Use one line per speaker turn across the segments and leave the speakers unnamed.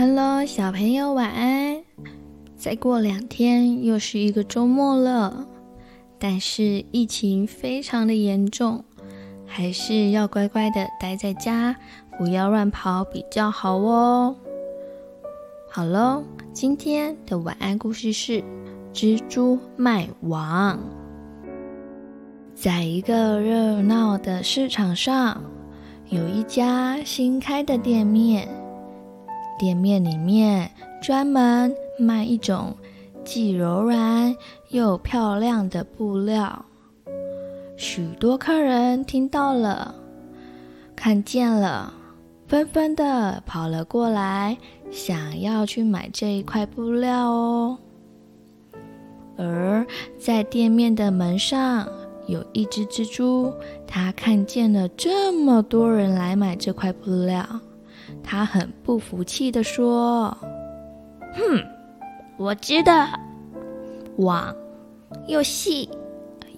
Hello，小朋友，晚安！再過兩天又是一個周末了，但是疫情非常的嚴重，還是要乖乖的待在家，不要亂跑比較好哦。好嘍，今天的晚安故事是《蜘蛛賣網》。在一個熱鬧的市場上，有一家新開的店面。店面裡面專門賣一種既柔軟又漂亮的布料，許多客人聽到了、看見了，紛紛的跑了過來，想要去買這一塊布料哦。而在店面的門上有一隻蜘蛛，它看見了這麼多人來買這塊布料。他很不服氣地說：“哼，我織的網又細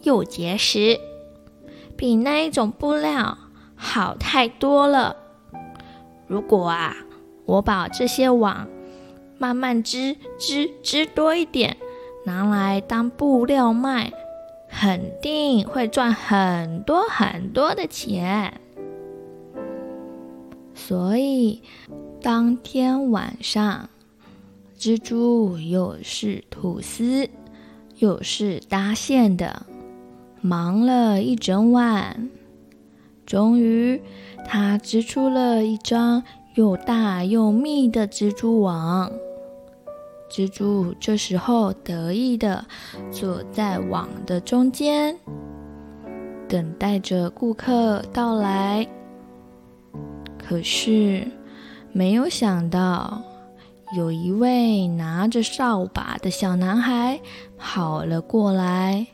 又結實，比那一種布料好太多了。如果啊，我把這些網慢慢織織織多一點，拿來當布料賣，肯定會賺很多很多的錢。”所以，當天晚上，蜘蛛又是吐絲，又是搭線的，忙了一整晚。終於，它織出了一張又大又密的蜘蛛網。蜘蛛這時候得意地坐在網的中間，等待着顧客到來。可是，沒有想到，有一位拿着掃把的小男孩跑了過來，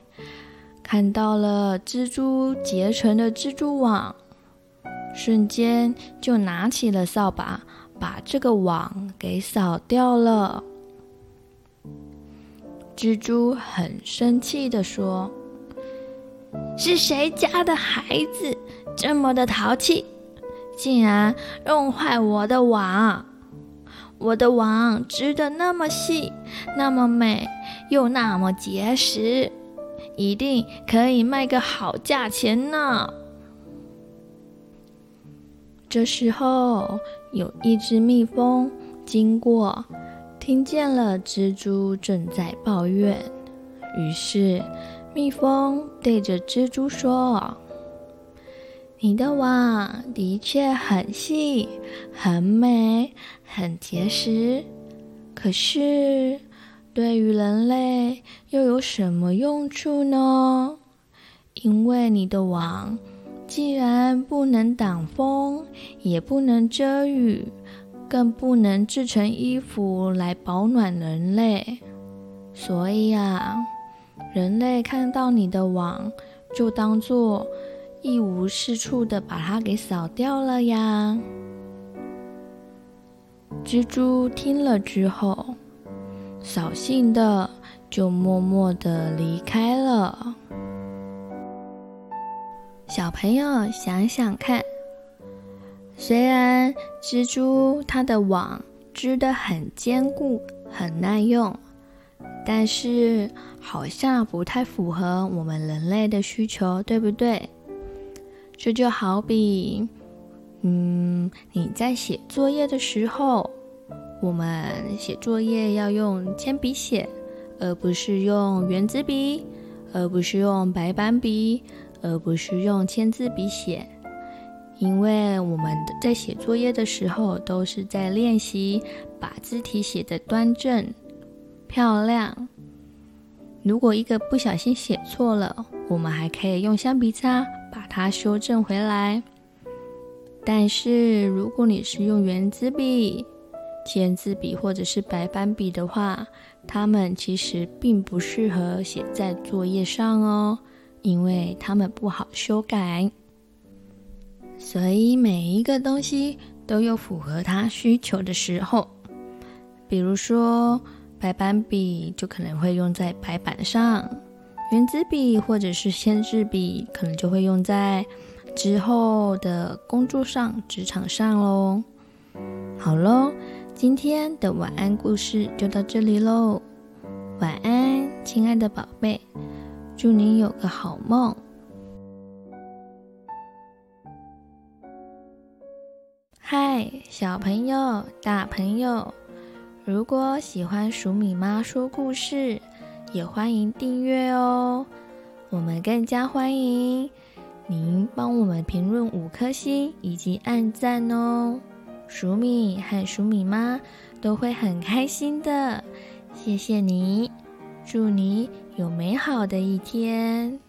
看到了蜘蛛結成的蜘蛛網，瞬間就拿起了掃把，把這個網給掃掉了。蜘蛛很生氣地說：“是誰家的孩子這麼的淘氣？”竟然弄壞我的網！我的網織得那麼細，那麼美，又那麼結實，一定可以賣個好價錢呢。這時候，有一隻蜜蜂經過，聽見了蜘蛛正在抱怨，於是蜜蜂對着蜘蛛說。你的網的確很細、很美、很結實，可是對於人類又有什麼用處呢？因為你的網既然不能擋風，也不能遮雨，更不能制成衣服來保暖人類，所以啊，人類看到你的網就當做。一無是處的把它給掃掉了呀！蜘蛛聽了之後，掃興的就默默的離開了。小朋友想想看，雖然蜘蛛它的網織的很堅固、很耐用，但是好像不太符合我們人類的需求，對不對？這就好比，嗯，你在寫作業的時候，我們寫作業要用鉛筆寫，而不是用原子筆，而不是用白板筆，而不是用簽字筆寫，因為我們在寫作業的時候都是在練習把字體寫得端正、漂亮。如果一個不小心寫錯了，我們還可以用橡皮擦。它修正回來。但是如果你是用原子筆、簽字筆或者是白板筆的話，它們其實並不適合寫在作業上哦，因為它們不好修改。所以每一個東西都有符合它需求的時候，比如說白板筆就可能會用在白板上。原子筆或者是簽字筆，可能就會用在之後的工作上、職場上嘍。好嘍，今天的晚安故事就到這裡嘍。晚安，親愛的寶貝，祝你有個好夢。嗨，小朋友、大朋友，如果喜歡黍米媽說故事，也歡迎訂閱哦，我們更加歡迎您幫我們評論五顆星以及按讚哦，黍米和黍米媽都會很開心的，謝謝你，祝你有美好的一天。